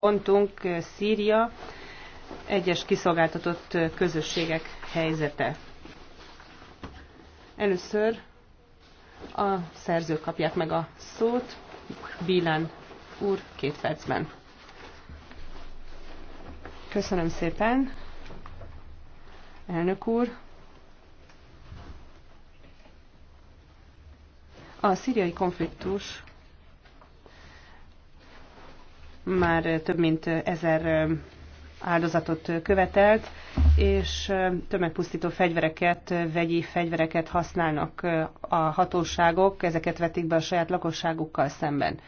pontunk Szíria, egyes kiszolgáltatott közösségek helyzete. Először a szerzők kapják meg a szót, Bílán úr két percben. Köszönöm szépen, elnök úr. A szíriai konfliktus már több mint ezer áldozatot követelt, és tömegpusztító fegyvereket, vegyi fegyvereket használnak a hatóságok, ezeket vetik be a saját lakosságukkal szemben.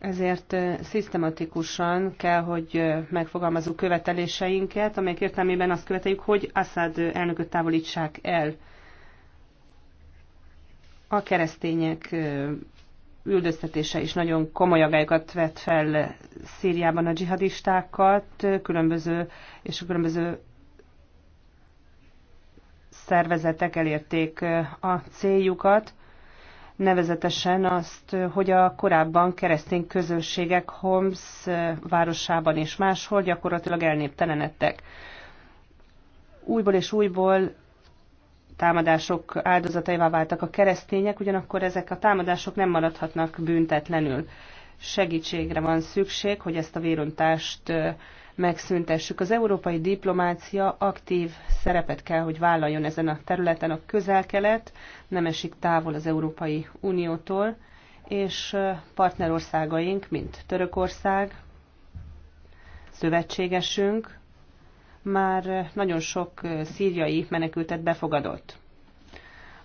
Ezért szisztematikusan kell, hogy megfogalmazunk követeléseinket, amelyek értelmében azt követeljük, hogy Assad elnököt távolítsák el. A keresztények üldöztetése is nagyon komoly agályokat vett fel Szíriában a dzsihadistákat, különböző és a különböző szervezetek elérték a céljukat, nevezetesen azt, hogy a korábban keresztény közösségek Homs városában és máshol gyakorlatilag elnéptelenedtek. Újból és újból támadások áldozataival váltak a keresztények, ugyanakkor ezek a támadások nem maradhatnak büntetlenül. Segítségre van szükség, hogy ezt a vérontást megszüntessük. Az európai diplomácia aktív szerepet kell, hogy vállaljon ezen a területen. A közel-kelet nem esik távol az Európai Uniótól, és partnerországaink, mint Törökország, szövetségesünk, már nagyon sok szíriai menekültet befogadott.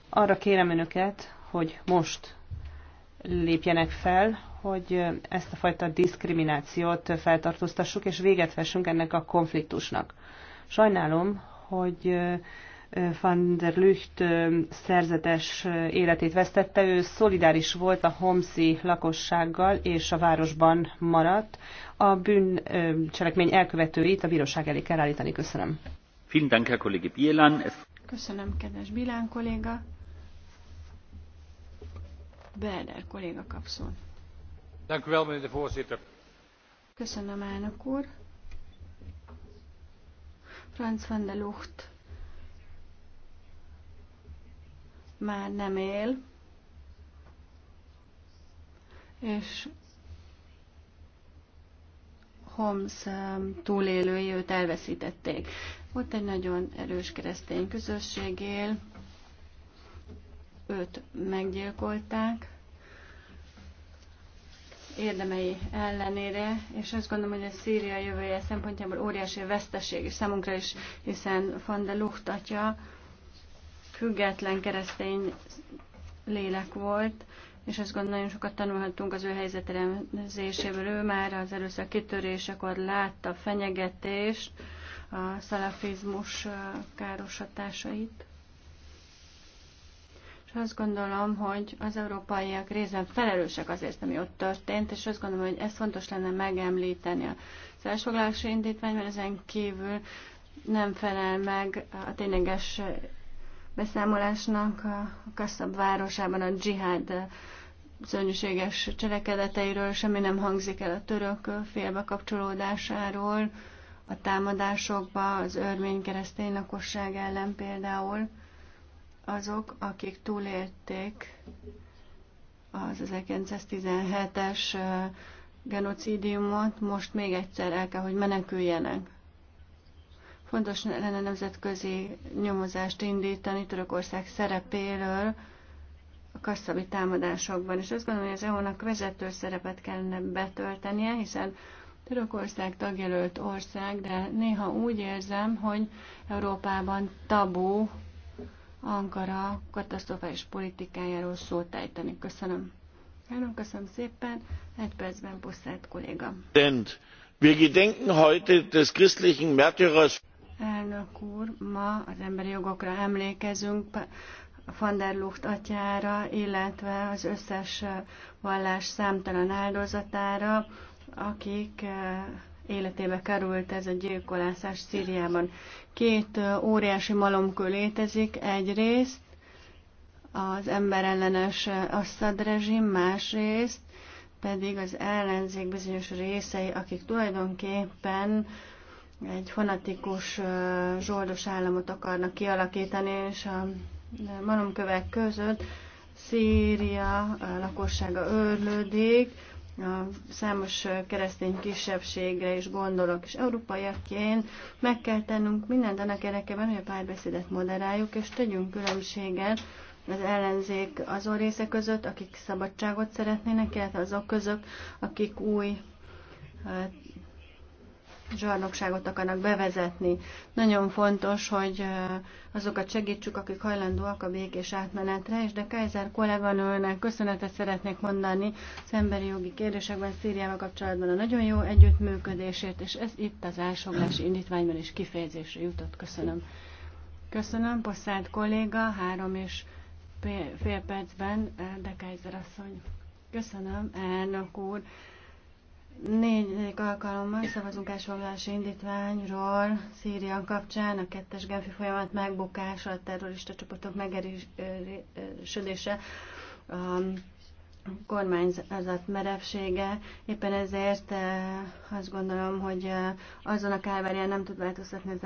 Arra kérem önöket, hogy most lépjenek fel, hogy ezt a fajta diszkriminációt feltartóztassuk, és véget vessünk ennek a konfliktusnak. Sajnálom, hogy van der Lücht szerzetes életét vesztette. Ő szolidáris volt a homszi lakossággal, és a városban maradt. A bűncselekmény elkövetőit a bíróság elé kell állítani. Köszönöm. Köszönöm, kedves Bilán kolléga. Belder kolléga kapszol. Köszönöm, elnök úr. Franz van der Lucht már nem él, és Homs túlélői őt elveszítették. Ott egy nagyon erős keresztény közösség él, őt meggyilkolták, érdemei ellenére, és azt gondolom, hogy a Szíria jövője szempontjából óriási veszteség, és számunkra is, hiszen Van de Lucht atya, független keresztény lélek volt, és azt gondolom, nagyon sokat tanulhattunk az ő helyzetelemzéséből. Ő már az erőszak kitörésekor látta fenyegetést, a szalafizmus káros hatásait. És azt gondolom, hogy az európaiak részben felelősek azért, ami ott történt, és azt gondolom, hogy ezt fontos lenne megemlíteni a elsoglalási indítvány, mert ezen kívül nem felel meg a tényleges beszámolásnak a Kasszab városában a dzsihád eh, szörnyűséges cselekedeteiről, semmi nem hangzik el a török eh, kapcsolódásáról, a támadásokba, az örmény keresztény lakosság ellen például. Azok, akik túlélték az 1917-es eh, genocidiumot, most még egyszer el kell, hogy meneküljenek. Fontos lenne nemzetközi nyomozást indítani Törökország szerepéről a kasszabi támadásokban, és azt gondolom, hogy az EU-nak vezető szerepet kellene betöltenie, hiszen Törökország tagjelölt ország, de néha úgy érzem, hogy Európában tabú Ankara katasztrofális politikájáról szót ejteni. Köszönöm. Elnök, köszönöm szépen. Egy percben Pusztát kolléga. Wir gedenken heute des christlichen Märtyrers elnök úr. Ma az emberi jogokra emlékezünk, van der Lucht atyára, illetve az összes vallás számtalan áldozatára, akik eh, életébe került ez a gyilkolászás Szíriában. Két eh, óriási malomkő létezik, egyrészt az emberellenes eh, Assad rezsim, másrészt pedig az ellenzék bizonyos részei, akik tulajdonképpen egy fanatikus zsoldos államot akarnak kialakítani, és a malomkövek között Szíria lakossága őrlődik, a számos keresztény kisebbségre is gondolok, és európaiakként meg kell tennünk mindent annak érdekében, hogy a párbeszédet moderáljuk, és tegyünk különbséget az ellenzék azon része között, akik szabadságot szeretnének, illetve azok között, akik új zsarnokságot akarnak bevezetni. Nagyon fontos, hogy azokat segítsük, akik hajlandóak a békés átmenetre, és de Kaiser kolléganőnek köszönetet szeretnék mondani az emberi jogi kérdésekben Szíriával kapcsolatban a nagyon jó együttműködésért, és ez itt az elsoglási indítványban is kifejezésre jutott. Köszönöm. Köszönöm, Poszád kolléga, három és fél percben, de Kaiser asszony. Köszönöm, elnök úr. Negyedik alkalommal szavazunk elsorolási indítványról Szíria kapcsán a kettes Genfi folyamat megbukása, a terrorista csoportok megerősödése, kormányzat merevsége. Éppen ezért eh, azt gondolom, hogy eh, azon a kálvárián nem tud változtatni az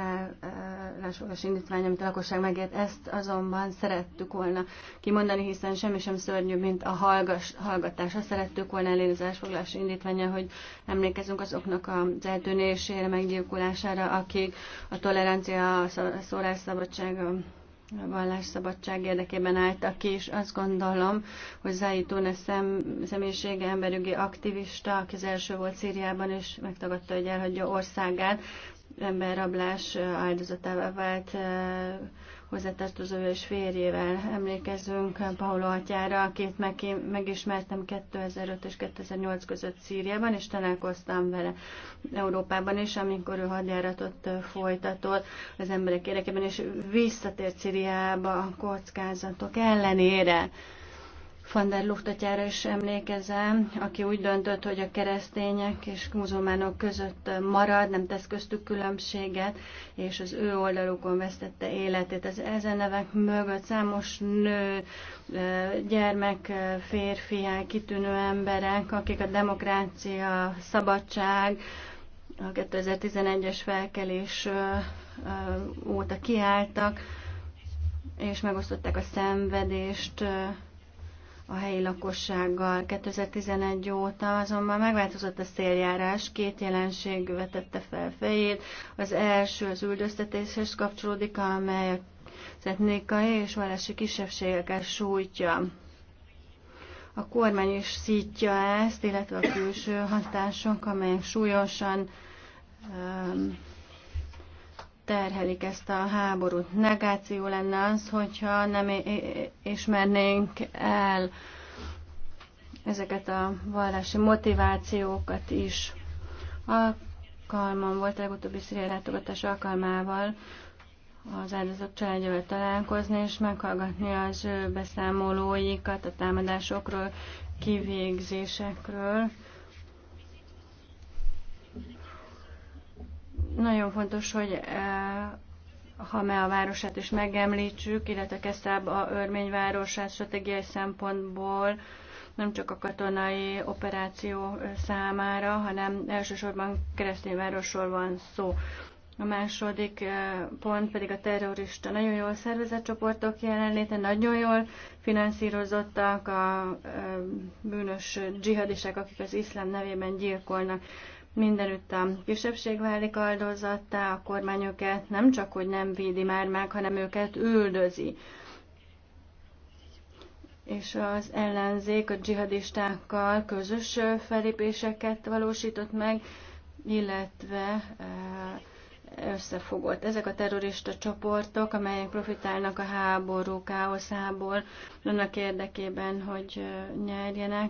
állásfogás indítvány, amit a lakosság megért. Ezt azonban szerettük volna kimondani, hiszen semmi sem szörnyű, mint a hallgas, hallgatás. Azt szerettük volna elérni az állásfoglalási indítványa, hogy emlékezünk azoknak az eltűnésére, meggyilkolására, akik a tolerancia, a szólásszabadság, a vallásszabadság érdekében álltak ki, és azt gondolom, hogy Zaid Tune szem, személyisége emberügyi aktivista, aki az első volt Szíriában, és megtagadta, hogy elhagyja országát, emberrablás áldozatává vált hozzátartozója és férjével emlékezünk Paulo atyára, akit meg, megismertem 2005 és 2008 között Szíriában, és találkoztam vele Európában is, amikor ő hadjáratot folytatott az emberek érdekében, és visszatért Szíriába a kockázatok ellenére van der Luftatjára is emlékezem, aki úgy döntött, hogy a keresztények és muzulmánok között marad, nem tesz köztük különbséget, és az ő oldalukon vesztette életét. Az ezen nevek mögött számos nő, gyermek, férfi, hát kitűnő emberek, akik a demokrácia, a szabadság, a 2011-es felkelés óta kiálltak, és megosztották a szenvedést, a helyi lakossággal. 2011 óta azonban megváltozott a széljárás, két jelenség vetette fel fejét. Az első az üldöztetéshez kapcsolódik, amely a etnikai és vallási kisebbségekkel sújtja. A kormány is szítja ezt, illetve a külső hatások, amelyek súlyosan um, terhelik ezt a háborút. Negáció lenne az, hogyha nem ismernénk el ezeket a vallási motivációkat is. Alkalmam volt a legutóbbi szíriai látogatás alkalmával az áldozat családjával találkozni, és meghallgatni az ő beszámolóikat a támadásokról, kivégzésekről. Nagyon fontos, hogy eh, ha me a városát is megemlítsük, illetve Keszáb a örményvárosát stratégiai szempontból, nem csak a katonai operáció eh, számára, hanem elsősorban keresztény városról van szó. A második eh, pont pedig a terrorista. Nagyon jól szervezett csoportok jelenléte, nagyon jól finanszírozottak a bűnös dzsihadisek, akik az iszlám nevében gyilkolnak mindenütt a kisebbség válik áldozattá, a kormány őket nem csak, hogy nem védi már meg, hanem őket üldözi. És az ellenzék a dzsihadistákkal közös felépéseket valósított meg, illetve e, összefogott. Ezek a terrorista csoportok, amelyek profitálnak a háború káoszából, annak érdekében, hogy e, nyerjenek,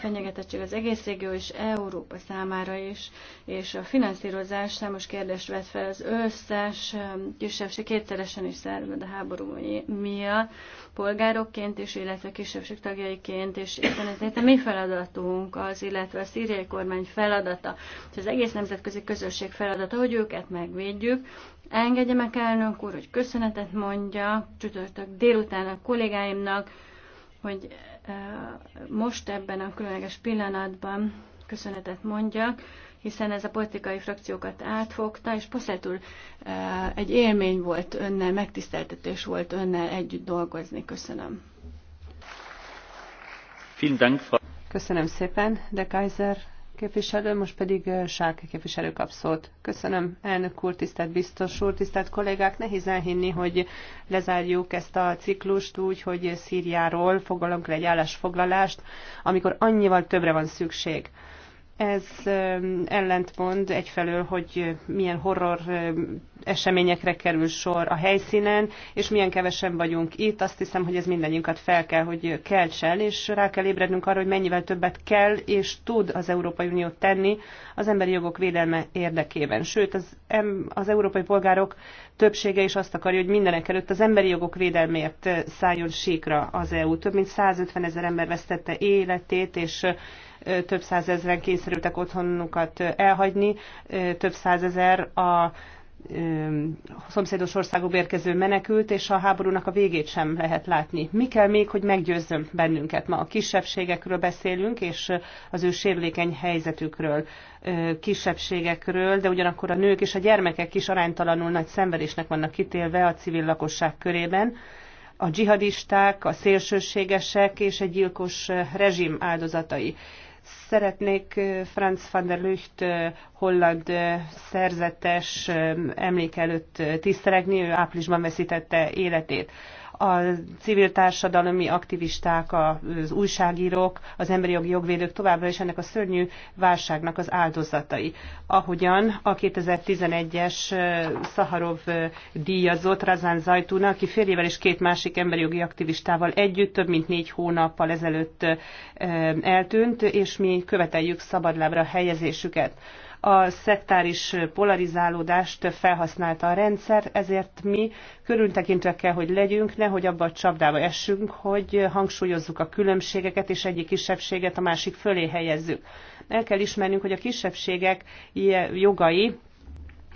fenyegetettség az egész régió és Európa számára is, és a finanszírozás számos kérdést vet fel az összes um, kisebbség kétszeresen is szerved a háború miatt, polgárokként is, illetve kisebbség tagjaiként, és éppen ezért a mi feladatunk az, illetve a szíriai kormány feladata, és az egész nemzetközi közösség feladata, hogy őket megvédjük, Engedje meg elnök úr, hogy köszönetet mondja csütörtök délután a kollégáimnak, hogy eh, most ebben a különleges pillanatban köszönetet mondjak, hiszen ez a politikai frakciókat átfogta, és Poszetúr eh, egy élmény volt önnel, megtiszteltetés volt önnel együtt dolgozni. Köszönöm. Köszönöm szépen, de Kaiser képviselő, most pedig Sárke képviselő kap szót. Köszönöm, elnök úr, tisztelt biztos úr, tisztelt kollégák. Nehéz elhinni, hogy lezárjuk ezt a ciklust úgy, hogy Szíriáról foglalunk le egy állásfoglalást, amikor annyival többre van szükség. Ez ellentmond egyfelől, hogy milyen horror eseményekre kerül sor a helyszínen, és milyen kevesen vagyunk itt. Azt hiszem, hogy ez mindannyiunkat fel kell, hogy keltsen, és rá kell ébrednünk arra, hogy mennyivel többet kell és tud az Európai Unió tenni az emberi jogok védelme érdekében. Sőt, az, az európai polgárok többsége is azt akarja, hogy mindenek előtt az emberi jogok védelmért szálljon síkra az EU. Több mint 150 ezer ember vesztette életét, és több százezren kényszerültek otthonukat elhagyni, több százezer a szomszédos országok érkező menekült, és a háborúnak a végét sem lehet látni. Mi kell még, hogy meggyőzzön bennünket? Ma a kisebbségekről beszélünk, és az ő sérülékeny helyzetükről, kisebbségekről, de ugyanakkor a nők és a gyermekek is aránytalanul nagy szenvedésnek vannak kitélve a civil lakosság körében. A dzsihadisták, a szélsőségesek és egy gyilkos rezsim áldozatai Szeretnék Franz van der Lücht holland szerzetes emlék előtt tisztelegni, ő áprilisban veszítette életét a civil társadalmi aktivisták, az újságírók, az emberi jogi jogvédők továbbra is ennek a szörnyű válságnak az áldozatai. Ahogyan a 2011-es Szaharov díjazott Razán Zajtúna, aki férjével és két másik emberi jogi aktivistával együtt több mint négy hónappal ezelőtt eltűnt, és mi követeljük szabadlábra helyezésüket a szektáris polarizálódást felhasználta a rendszer, ezért mi körültekintve kell, hogy legyünk, nehogy abba a csapdába essünk, hogy hangsúlyozzuk a különbségeket, és egyik kisebbséget a másik fölé helyezzük. El kell ismernünk, hogy a kisebbségek jogai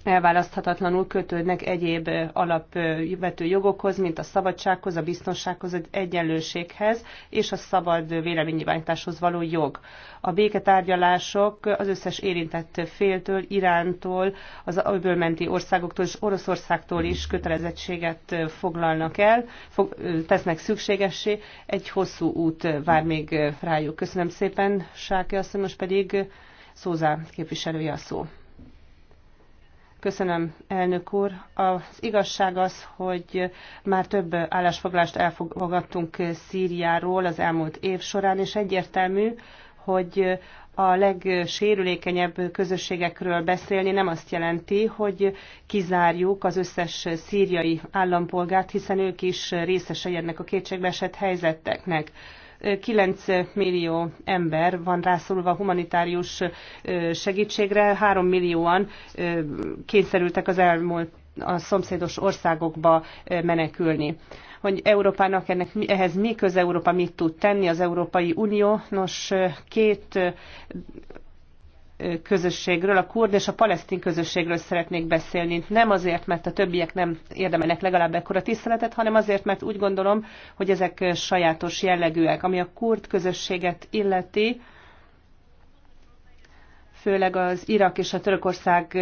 elválaszthatatlanul kötődnek egyéb alapvető jogokhoz, mint a szabadsághoz, a biztonsághoz, az egyenlőséghez és a szabad véleménynyilvánításhoz való jog. A béketárgyalások az összes érintett féltől, Irántól, az öbölmenti menti országoktól és Oroszországtól is kötelezettséget foglalnak el, fog, tesznek szükségessé. Egy hosszú út vár még rájuk. Köszönöm szépen, Sáki azt most pedig Szózá képviselője a szó. Köszönöm, elnök úr. Az igazság az, hogy már több állásfoglalást elfogadtunk Szíriáról az elmúlt év során, és egyértelmű, hogy a legsérülékenyebb közösségekről beszélni nem azt jelenti, hogy kizárjuk az összes szíriai állampolgárt, hiszen ők is részesei ennek a kétségbeesett helyzeteknek 9 millió ember van rászorulva humanitárius segítségre, 3 millióan kényszerültek az elmúlt a szomszédos országokba menekülni. Hogy Európának ennek, ehhez mi köz Európa mit tud tenni, az Európai Unió, nos két közösségről, a kurd és a palesztin közösségről szeretnék beszélni. Nem azért, mert a többiek nem érdemelnek legalább ekkora tiszteletet, hanem azért, mert úgy gondolom, hogy ezek sajátos jellegűek. Ami a kurd közösséget illeti, főleg az Irak és a Törökország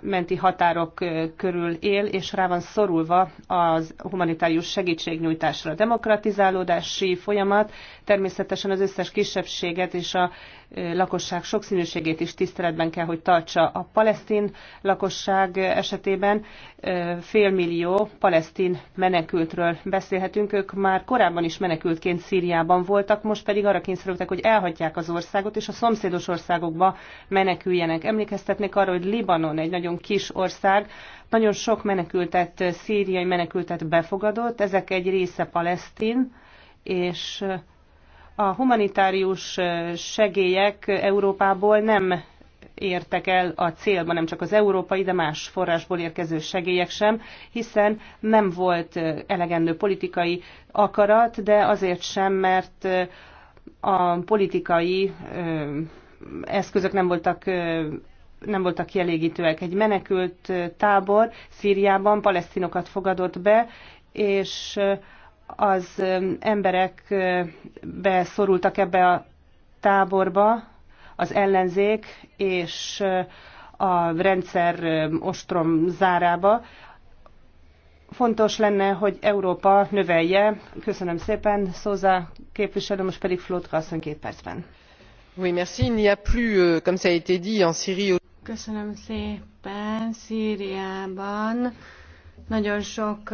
menti határok körül él, és rá van szorulva az humanitárius segítségnyújtásra. A demokratizálódási folyamat természetesen az összes kisebbséget és a lakosság sokszínűségét is tiszteletben kell, hogy tartsa. A palesztin lakosság esetében félmillió palesztin menekültről beszélhetünk. Ők már korábban is menekültként Szíriában voltak, most pedig arra kényszerültek, hogy elhagyják az országot, és a szomszédos országokba meneküljenek. Emlékeztetnék arra, hogy Libanon egy nagyon kis ország, nagyon sok menekültet, szíriai menekültet befogadott, ezek egy része palesztin, és a humanitárius segélyek Európából nem értek el a célba, nem csak az európai, de más forrásból érkező segélyek sem, hiszen nem volt elegendő politikai akarat, de azért sem, mert a politikai eszközök nem voltak nem voltak kielégítőek. Egy menekült tábor Szíriában palesztinokat fogadott be, és az emberek beszorultak ebbe a táborba, az ellenzék és a rendszer ostrom zárába. Fontos lenne, hogy Európa növelje. Köszönöm szépen, Szóza képviselő, most pedig Flótka asszony két percben. Oui, merci. Il n'y a plus, euh, comme ça a été dit, en Syrie. Köszönöm szépen. Szíriában nagyon sok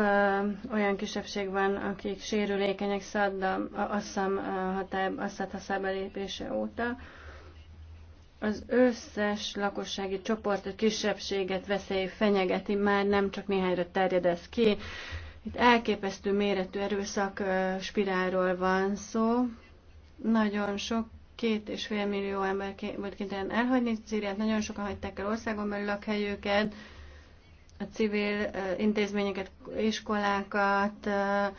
olyan kisebbség van, akik sérülékenyek Saddam, Assam hatály, Assad haszá belépése óta. Az összes lakossági csoportot, kisebbséget veszély fenyegeti, már nem csak néhányra ez ki. Itt elképesztő méretű erőszak spirálról van szó. Nagyon sok két és fél millió ember volt kénytelen elhagyni Szíriát, nagyon sokan hagyták el országon belül lakhelyüket, a civil intézményeket, iskolákat, a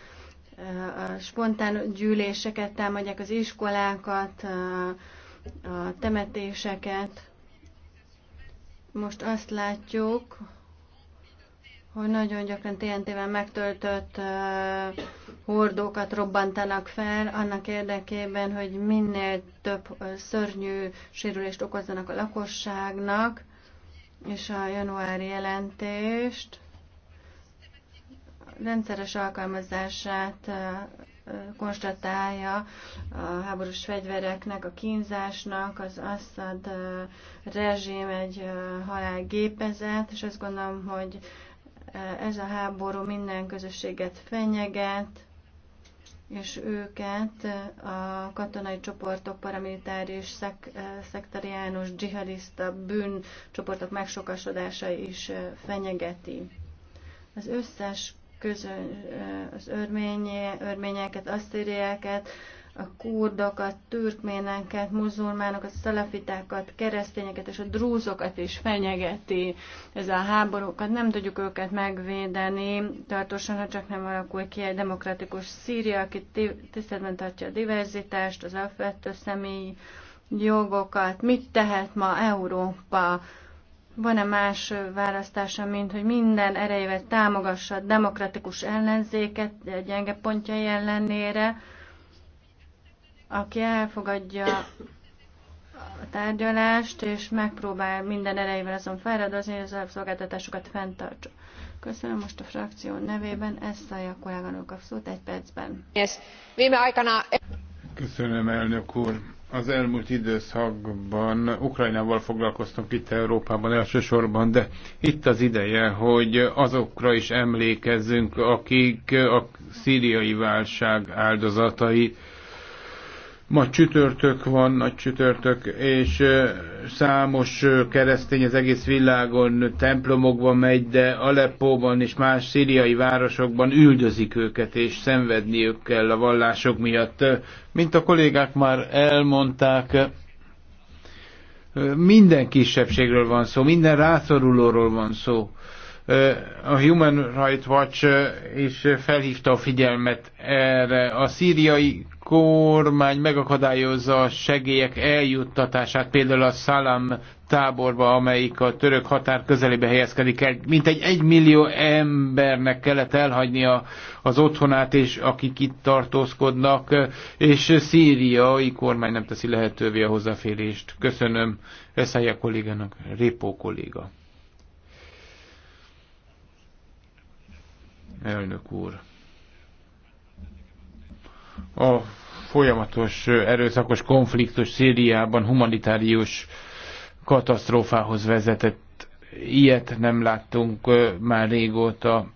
spontán gyűléseket támadják, az iskolákat, a temetéseket. Most azt látjuk, hogy nagyon gyakran TNT-vel megtöltött uh, hordókat robbantanak fel, annak érdekében, hogy minél több uh, szörnyű sérülést okozzanak a lakosságnak és a januári jelentést rendszeres alkalmazását konstatálja a háborús fegyvereknek, a kínzásnak, az Assad rezsim egy halálgépezet, és azt gondolom, hogy ez a háború minden közösséget fenyeget, és őket a katonai csoportok, paramilitáris, szek, eh, szektariánus, dzsihadista bűncsoportok megsokasodása is eh, fenyegeti. Az összes közön, eh, az örménye, örményeket, asszíriákat, a kurdokat, türkméneket, muzulmánokat, szalafitákat, keresztényeket és a drúzokat is fenyegeti ez a háborúkat. Hát nem tudjuk őket megvédeni tartósan, ha csak nem alakul ki egy demokratikus Szíria, aki tiszteletben tartja a diverzitást, az alapvető személyi jogokat. Mit tehet ma Európa? Van-e más választása, mint hogy minden erejével támogassa a demokratikus ellenzéket gyenge pontjai ellenére, aki elfogadja a tárgyalást, és megpróbál minden erejével azon felradozni, hogy az alapszolgáltatásokat fenntartsa. Köszönöm most a frakció nevében, ezt a kolléganők a szót egy percben. Köszönöm, elnök úr. Az elmúlt időszakban Ukrajnával foglalkoztunk itt Európában elsősorban, de itt az ideje, hogy azokra is emlékezzünk, akik a szíriai válság áldozatai, Ma csütörtök van, nagy csütörtök, és számos keresztény az egész világon templomokban megy, de Aleppóban és más szíriai városokban üldözik őket, és szenvedniük kell a vallások miatt. Mint a kollégák már elmondták, minden kisebbségről van szó, minden rászorulóról van szó. A Human Rights Watch is felhívta a figyelmet erre. A szíriai kormány megakadályozza a segélyek eljuttatását, például a Szalam táborba, amelyik a török határ közelébe helyezkedik el. Mint egy egymillió embernek kellett elhagyni a, az otthonát, és akik itt tartózkodnak, és szíriai kormány nem teszi lehetővé a hozzáférést. Köszönöm Eszája kollégának, Répó kolléga. Elnök úr a folyamatos erőszakos konfliktus Szíriában humanitárius katasztrófához vezetett. Ilyet nem láttunk már régóta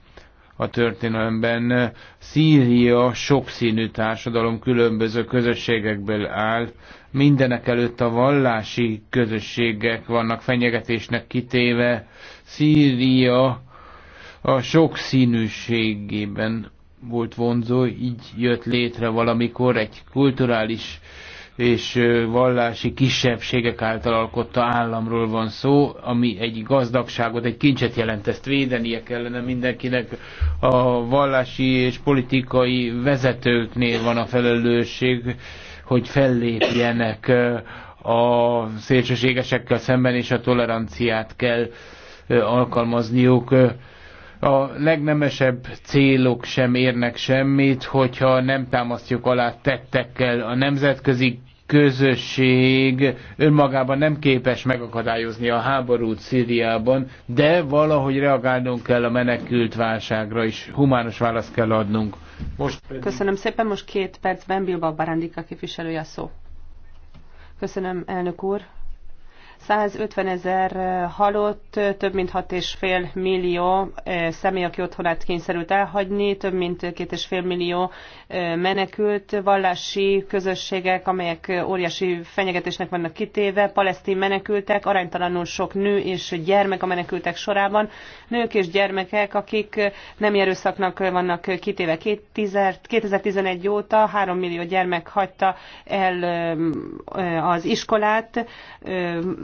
a történelemben. Szíria sokszínű társadalom különböző közösségekből áll. Mindenek előtt a vallási közösségek vannak fenyegetésnek kitéve. Szíria a sokszínűségében volt vonzó, így jött létre valamikor egy kulturális és vallási kisebbségek által alkotta államról van szó, ami egy gazdagságot, egy kincset jelent, ezt védenie kellene mindenkinek. A vallási és politikai vezetőknél van a felelősség, hogy fellépjenek a szélsőségesekkel szemben, és a toleranciát kell alkalmazniuk a legnemesebb célok sem érnek semmit, hogyha nem támasztjuk alá tettekkel. A nemzetközi közösség önmagában nem képes megakadályozni a háborút Szíriában, de valahogy reagálnunk kell a menekült válságra, és humános választ kell adnunk. Most pedig... Köszönöm szépen, most két percben Bilba Barándika képviselője szó. Köszönöm, elnök úr. 150 ezer halott, több mint 6,5 millió személy, aki otthonát kényszerült elhagyni, több mint 2,5 millió menekült, vallási közösségek, amelyek óriási fenyegetésnek vannak kitéve, palesztin menekültek, aránytalanul sok nő és gyermek a menekültek sorában, nők és gyermekek, akik nem erőszaknak vannak kitéve. 2011 óta 3 millió gyermek hagyta el az iskolát,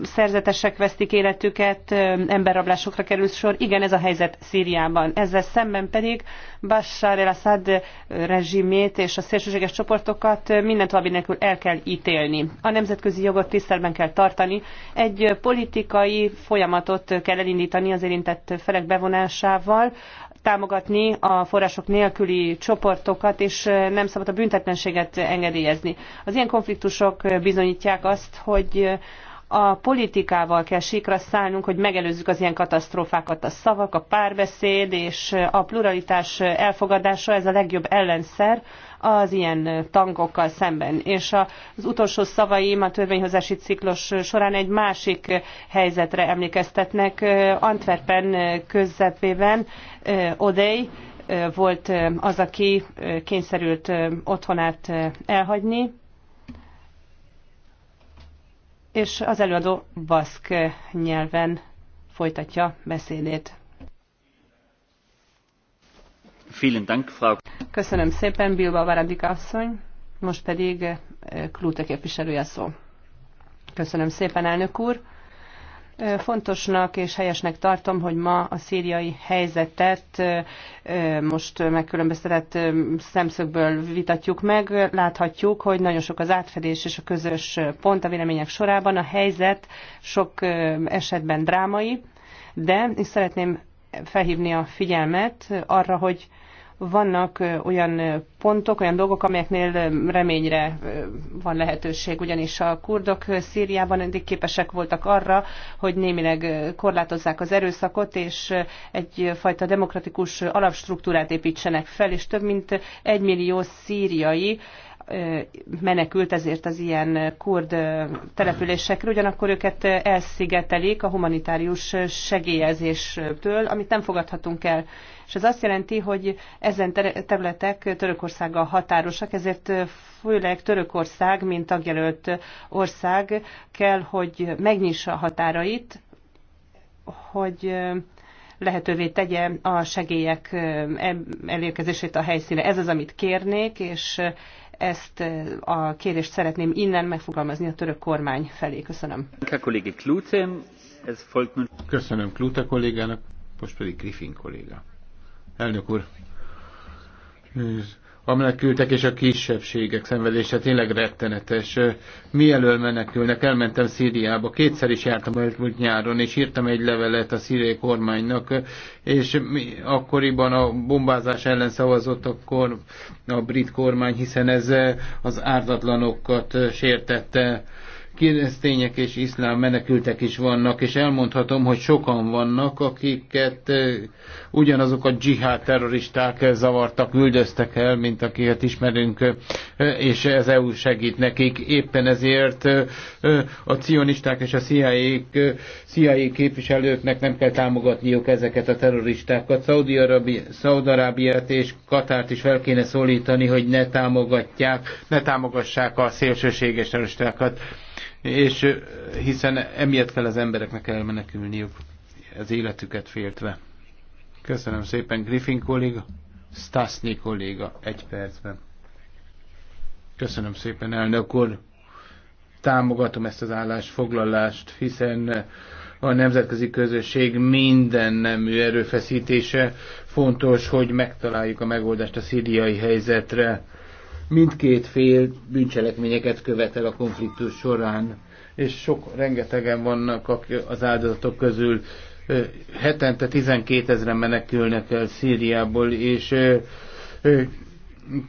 szerzetesek vesztik életüket, emberrablásokra kerül sor. Igen, ez a helyzet Szíriában. Ezzel szemben pedig Bashar el-Assad rezsimét és a szélsőséges csoportokat minden további nélkül el kell ítélni. A nemzetközi jogot tisztelben kell tartani. Egy politikai folyamatot kell elindítani az érintett felek bevonásával, támogatni a források nélküli csoportokat, és nem szabad a büntetlenséget engedélyezni. Az ilyen konfliktusok bizonyítják azt, hogy a politikával kell síkra szállnunk, hogy megelőzzük az ilyen katasztrófákat. A szavak, a párbeszéd és a pluralitás elfogadása, ez a legjobb ellenszer az ilyen tankokkal szemben. És az utolsó szavaim a törvényhozási ciklus során egy másik helyzetre emlékeztetnek. Antwerpen közepében Odei volt az, aki kényszerült otthonát elhagyni, és az előadó baszk nyelven folytatja beszédét. Köszönöm szépen, Bilba Varadik asszony. Most pedig eh, Klúte képviselője szó. Köszönöm szépen, elnök úr. Fontosnak és helyesnek tartom, hogy ma a szíriai helyzetet most megkülönböztetett szemszögből vitatjuk meg. Láthatjuk, hogy nagyon sok az átfedés és a közös pont a vélemények sorában. A helyzet sok esetben drámai, de is szeretném felhívni a figyelmet arra, hogy vannak olyan pontok, olyan dolgok, amelyeknél reményre van lehetőség, ugyanis a kurdok Szíriában eddig képesek voltak arra, hogy némileg korlátozzák az erőszakot, és egyfajta demokratikus alapstruktúrát építsenek fel, és több mint egy millió szíriai menekült ezért az ilyen kurd településekre, ugyanakkor őket elszigetelik a humanitárius segélyezéstől, amit nem fogadhatunk el. És ez azt jelenti, hogy ezen területek Törökországgal határosak, ezért főleg Törökország, mint tagjelölt ország kell, hogy megnyissa a határait, hogy lehetővé tegye a segélyek elérkezését a helyszíne. Ez az, amit kérnék, és ezt a kérést szeretném innen megfogalmazni a török kormány felé. Köszönöm. Köszönöm Klute kollégának, most pedig Griffin kolléga. Elnök úr, a menekültek és a kisebbségek szenvedése tényleg rettenetes. Mielől menekülnek? Elmentem Szíriába, kétszer is jártam elmúlt nyáron, és írtam egy levelet a szíriai kormánynak, és mi akkoriban a bombázás ellen szavazott akkor a brit kormány, hiszen ez az árdatlanokat sértette keresztények és iszlám menekültek is vannak, és elmondhatom, hogy sokan vannak, akiket ugyanazok a dzsihád terroristák zavartak, üldöztek el, mint akiket ismerünk, és ez EU segít nekik. Éppen ezért a cionisták és a CIA, CIA képviselőknek nem kell támogatniuk ezeket a terroristákat. Szaudarábiát és Katárt is fel kéne szólítani, hogy ne támogatják, ne támogassák a szélsőséges terroristákat és hiszen emiatt kell az embereknek elmenekülniük, az életüket féltve. Köszönöm szépen Griffin kolléga, Stasny kolléga, egy percben. Köszönöm szépen, elnök úr. Támogatom ezt az állásfoglalást, hiszen a nemzetközi közösség minden nemű erőfeszítése fontos, hogy megtaláljuk a megoldást a szíriai helyzetre mindkét fél bűncselekményeket követel a konfliktus során, és sok, rengetegen vannak az áldozatok közül. Hetente 12 ezeren menekülnek el Szíriából, és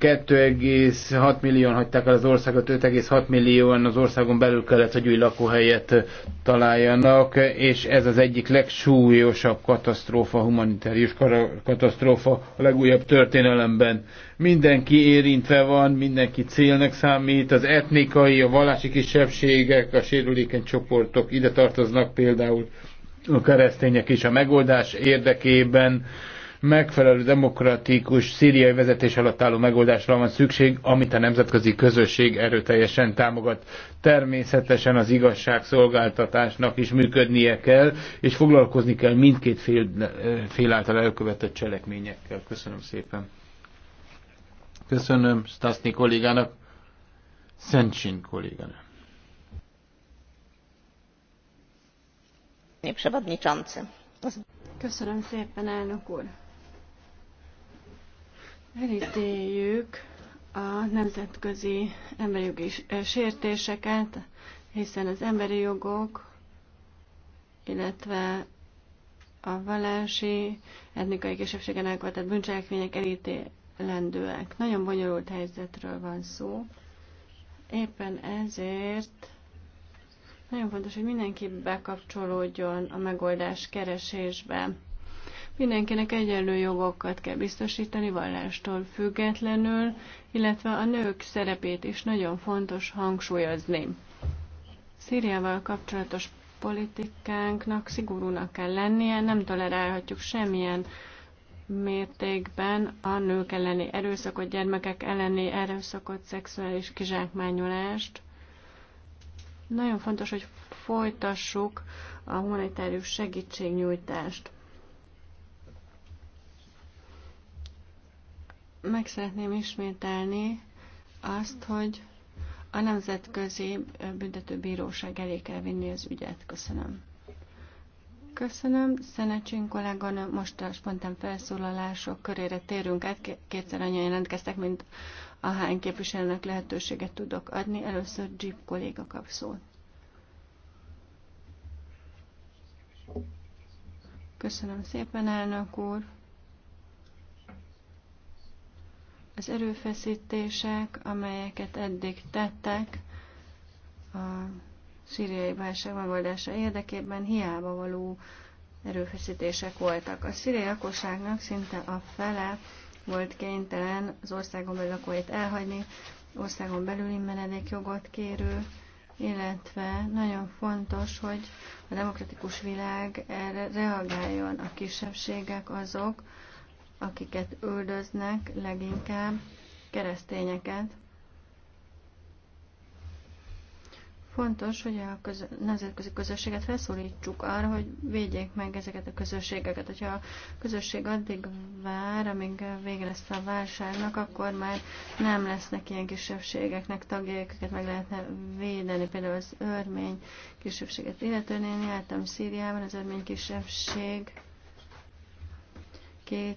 2,6 millióan hagyták el az országot, 5,6 millióan az országon belül kellett, hogy új lakóhelyet találjanak, és ez az egyik legsúlyosabb katasztrófa, humanitárius katasztrófa a legújabb történelemben. Mindenki érintve van, mindenki célnak számít, az etnikai, a vallási kisebbségek, a sérülékeny csoportok ide tartoznak például a keresztények is a megoldás érdekében megfelelő demokratikus szíriai vezetés alatt álló megoldásra van szükség, amit a nemzetközi közösség erőteljesen támogat. Természetesen az igazságszolgáltatásnak is működnie kell, és foglalkozni kell mindkét fél, fél által elkövetett cselekményekkel. Köszönöm szépen. Köszönöm Stasny kollégának, Szentsin kollégának. Köszönöm szépen, elnök úr! Elítéljük a nemzetközi emberi jogi eh, sértéseket, hiszen az emberi jogok, illetve a valási etnikai kisebbségen elkövetett bűncselekmények elítélendőek. Nagyon bonyolult helyzetről van szó. Éppen ezért nagyon fontos, hogy mindenki bekapcsolódjon a megoldás keresésbe. Mindenkinek egyenlő jogokat kell biztosítani vallástól függetlenül, illetve a nők szerepét is nagyon fontos hangsúlyozni. Szíriával kapcsolatos politikánknak szigorúnak kell lennie, nem tolerálhatjuk semmilyen mértékben a nők elleni erőszakot, gyermekek elleni erőszakot, szexuális kizsákmányolást. Nagyon fontos, hogy folytassuk a humanitárius segítségnyújtást. meg szeretném ismételni azt, hogy a Nemzetközi Büntetőbíróság elé kell vinni az ügyet. Köszönöm. Köszönöm. Szenecsin kolléganő, most a spontán felszólalások körére térünk át. Kétszer annyian jelentkeztek, mint hány képviselőnek lehetőséget tudok adni. Először Jeep kolléga kap szót. Köszönöm szépen, elnök úr. Az erőfeszítések, amelyeket eddig tettek a szíriai válság megoldása érdekében, hiába való erőfeszítések voltak. A szíriai lakosságnak szinte a fele volt kénytelen az országon belül lakóit elhagyni, országon belüli menedékjogot kérő, illetve nagyon fontos, hogy a demokratikus világ erre reagáljon. A kisebbségek azok, akiket üldöznek leginkább, keresztényeket. Fontos, hogy a közö- nemzetközi közösséget felszólítsuk arra, hogy védjék meg ezeket a közösségeket. Hogyha a közösség addig vár, amíg vége lesz a válságnak, akkor már nem lesznek ilyen kisebbségeknek tagjai, őket meg lehetne védeni. Például az örmény kisebbséget illetően én jártam Szíriában, az örmény kisebbség két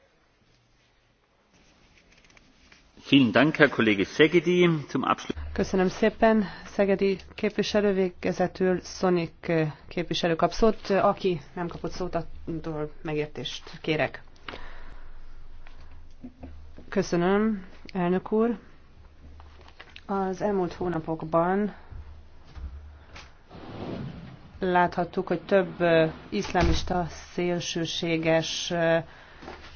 Köszönöm szépen. Szegedi képviselő végezetül Szonik képviselő kap szót. Aki nem kapott szót, attól megértést kérek. Köszönöm, elnök úr. Az elmúlt hónapokban láthattuk, hogy több iszlámista szélsőséges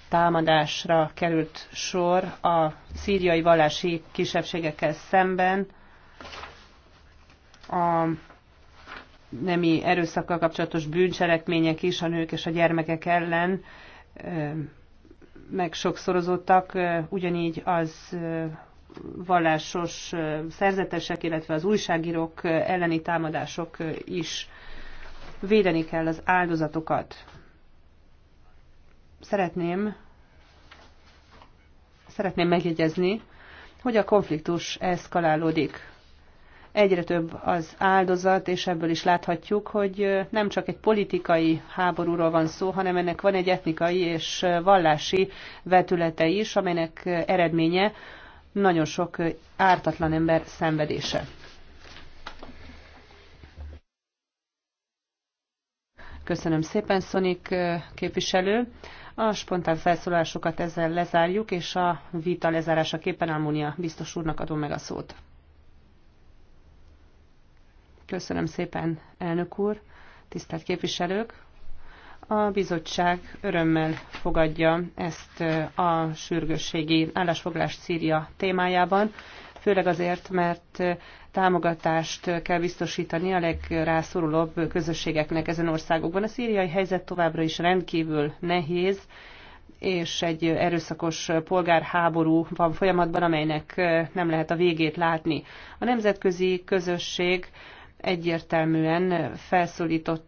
támadásra került sor a szíriai vallási kisebbségekkel szemben a nemi erőszakkal kapcsolatos bűncselekmények is a nők és a gyermekek ellen meg sokszorozottak, ugyanígy az vallásos szerzetesek, illetve az újságírók elleni támadások is. Védeni kell az áldozatokat szeretném, szeretném megjegyezni, hogy a konfliktus eszkalálódik. Egyre több az áldozat, és ebből is láthatjuk, hogy nem csak egy politikai háborúról van szó, hanem ennek van egy etnikai és vallási vetülete is, amelynek eredménye nagyon sok ártatlan ember szenvedése. Köszönöm szépen, Szonik képviselő. A spontán felszólásokat ezzel lezárjuk, és a vita lezárásaképpen Almunia biztos úrnak adom meg a szót. Köszönöm szépen, elnök úr, tisztelt képviselők! A bizottság örömmel fogadja ezt a sürgősségi állásfoglalást Szíria témájában, főleg azért, mert támogatást kell biztosítani a legrászorulóbb közösségeknek ezen országokban. A szíriai helyzet továbbra is rendkívül nehéz, és egy erőszakos polgárháború van folyamatban, amelynek nem lehet a végét látni. A nemzetközi közösség egyértelműen felszólított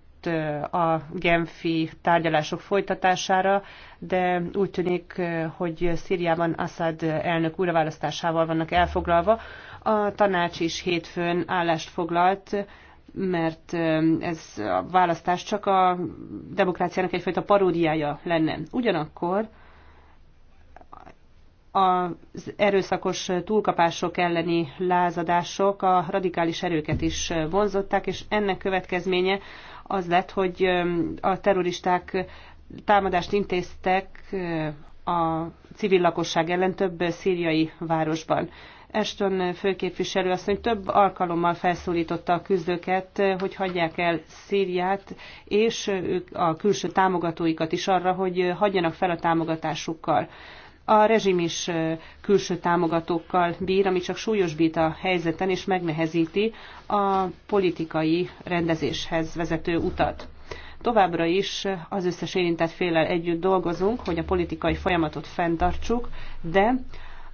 a genfi tárgyalások folytatására, de úgy tűnik, hogy Szíriában Assad elnök újraválasztásával vannak elfoglalva. A tanács is hétfőn állást foglalt, mert ez a választás csak a demokráciának egyfajta paródiája lenne. Ugyanakkor az erőszakos túlkapások elleni lázadások a radikális erőket is vonzották, és ennek következménye az lett, hogy a terroristák támadást intéztek a civil lakosság ellen több szíriai városban. Eston főképviselő azt mondja, több alkalommal felszólította a küzdőket, hogy hagyják el Szíriát, és a külső támogatóikat is arra, hogy hagyjanak fel a támogatásukkal. A rezsim is külső támogatókkal bír, ami csak súlyosbít a helyzeten és megnehezíti a politikai rendezéshez vezető utat. Továbbra is az összes érintett félel együtt dolgozunk, hogy a politikai folyamatot fenntartsuk, de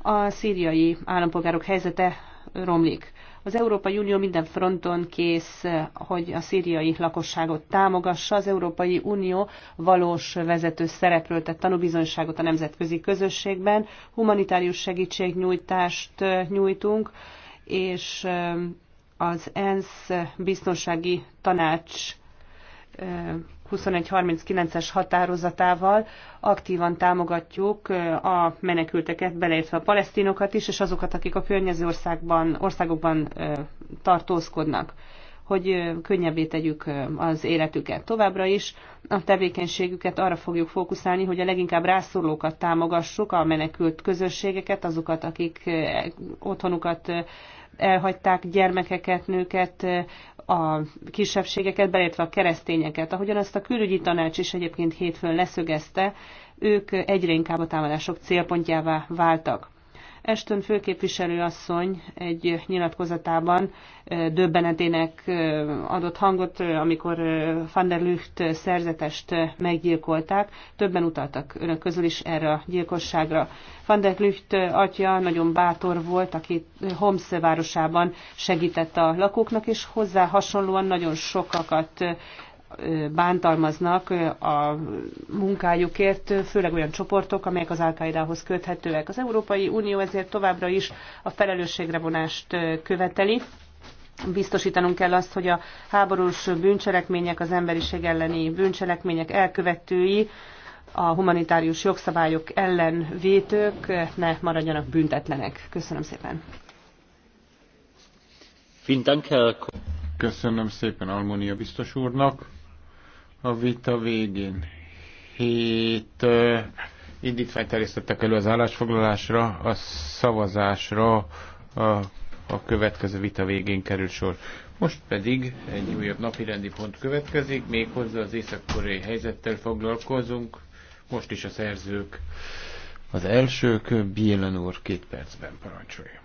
a szíriai állampolgárok helyzete romlik. Az Európai Unió minden fronton kész, hogy a szíriai lakosságot támogassa. Az Európai Unió valós vezető szerepről tett tanúbizonyságot a nemzetközi közösségben. Humanitárius segítségnyújtást nyújtunk, és az ENSZ biztonsági tanács 2139-es határozatával aktívan támogatjuk a menekülteket, beleértve a palesztinokat is, és azokat, akik a környező országban, országokban tartózkodnak hogy könnyebbé tegyük az életüket. Továbbra is a tevékenységüket arra fogjuk fókuszálni, hogy a leginkább rászorulókat támogassuk, a menekült közösségeket, azokat, akik otthonukat elhagyták, gyermekeket, nőket, a kisebbségeket, beleértve a keresztényeket. Ahogyan azt a külügyi tanács is egyébként hétfőn leszögezte, ők egyre inkább a támadások célpontjává váltak. Eston főképviselő asszony egy nyilatkozatában döbbenetének adott hangot, amikor van der Lucht szerzetest meggyilkolták. Többen utaltak önök közül is erre a gyilkosságra. Van der Lucht atya nagyon bátor volt, aki Homs városában segített a lakóknak, és hozzá hasonlóan nagyon sokakat bántalmaznak a munkájukért, főleg olyan csoportok, amelyek az al köthetőek. Az Európai Unió ezért továbbra is a felelősségre vonást követeli. Biztosítanunk kell azt, hogy a háborús bűncselekmények, az emberiség elleni bűncselekmények elkövetői, a humanitárius jogszabályok ellen vétők ne maradjanak büntetlenek. Köszönöm szépen. Köszönöm szépen Almonia biztos úrnak a vita végén hét indítványt terjesztettek elő az állásfoglalásra, a szavazásra a, a következő vita végén kerül sor. Most pedig egy újabb rendi pont következik, méghozzá az észak-koreai helyzettel foglalkozunk, most is a szerzők. Az elsők Bielen úr két percben parancsolja.